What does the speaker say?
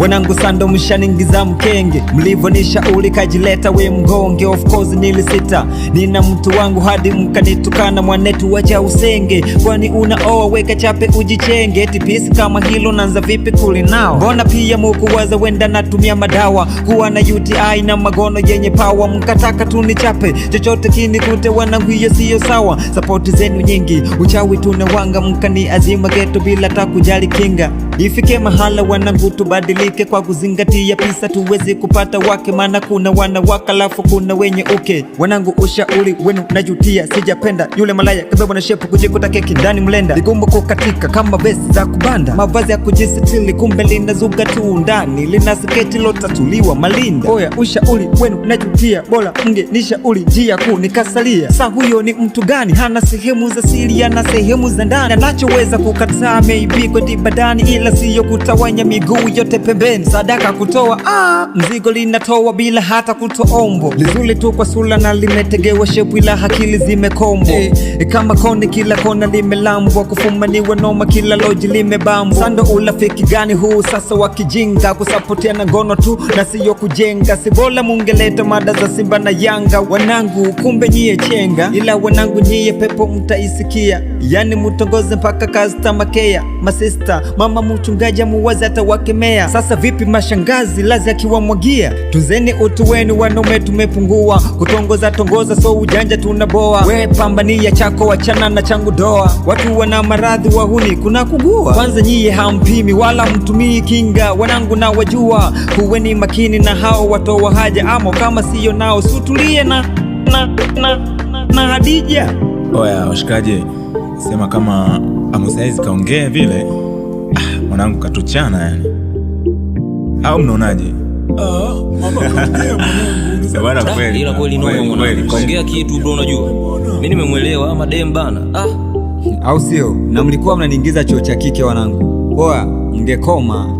Wanangu sando mshaningiza mkenge, mlivonishauri kajileta we mgonge. Of course nilisita, nina mtu wangu hadi mkanitukana, mwanetu wacha usenge. Kwani unaoa weka chape ujichenge, tipisi kama hilo nanza vipi kulinao? Mbona pia mukuwaza wenda natumia madawa, kuwa na UTI na magono yenye pawa, mkataka tunichape chochote kinikute. Wanangu hiyo siyo sawa, sapoti zenu nyingi, uchawi mkani azima geto bila takujali kinga. Ifike mahala wanangu tubadili tuwajibike kwa kuzingatia pisa tuwezi kupata wake, maana kuna wanawake alafu kuna wenye uke. Wanangu, ushauri wenu najutia, sijapenda yule malaya kabebo na shepu kujikuta keki ndani mlenda, vigumba kukatika kama vesi za kubanda, mavazi ya kujisitili, kumbe zuga tu ndani, lina siketi lotatuliwa malinda. Oya, ushauri wenu najutia, bora mnge nishauri njia kuu nikasalia. Sa huyo ni mtu gani? Hana sehemu za siri, ana sehemu za ndani, anachoweza kukataa maybe kwenda badani, ila siyo kutawanya miguu yote pembe pembeni, sadaka kutoa ah, mzigo linatoa bila hata kutoombo, lizuli tu kwa sula na limetegewa shepu, ila hakili zimekombo eh, eh kama koni kila kona limelambwa, kufumaniwa noma kila loji limebambwa. Sando urafiki gani huu sasa wakijinga kusapotia na ngono tu na siyo kujenga, sibola mungeleta mada za Simba na Yanga. Wanangu kumbe nyiye chenga, ila wanangu nyiye pepo mtaisikia, yani mutongoze mpaka kasta makea masista mama mchungaji amuwazi atawakemea sasa sasa vipi mashangazi, lazi akiwamwagia? Tunzeni utu wenu wanaume, tumepungua kutongoza tongoza, so ujanja tunaboa. We pambania chako, wachana na changu doa. Watu wana maradhi, wahuni kuna kugua. Kwanza nyiye hampimi wala mtumii kinga, wanangu na wajua. Kuweni makini na hao watoa haja, amo kama siyo nao sutulie na, na, na, na Hadija. Oya washikaji, sema kama Amo kaongea vile, ah, mwanangu katuchana yani au mnaonaje? Ah, Ila kaongea kitu bro, unajua mi nimemwelewa madem bana, ah, au sio? Na mlikuwa mnaniingiza choo cha kike wanangu, poa, mngekoma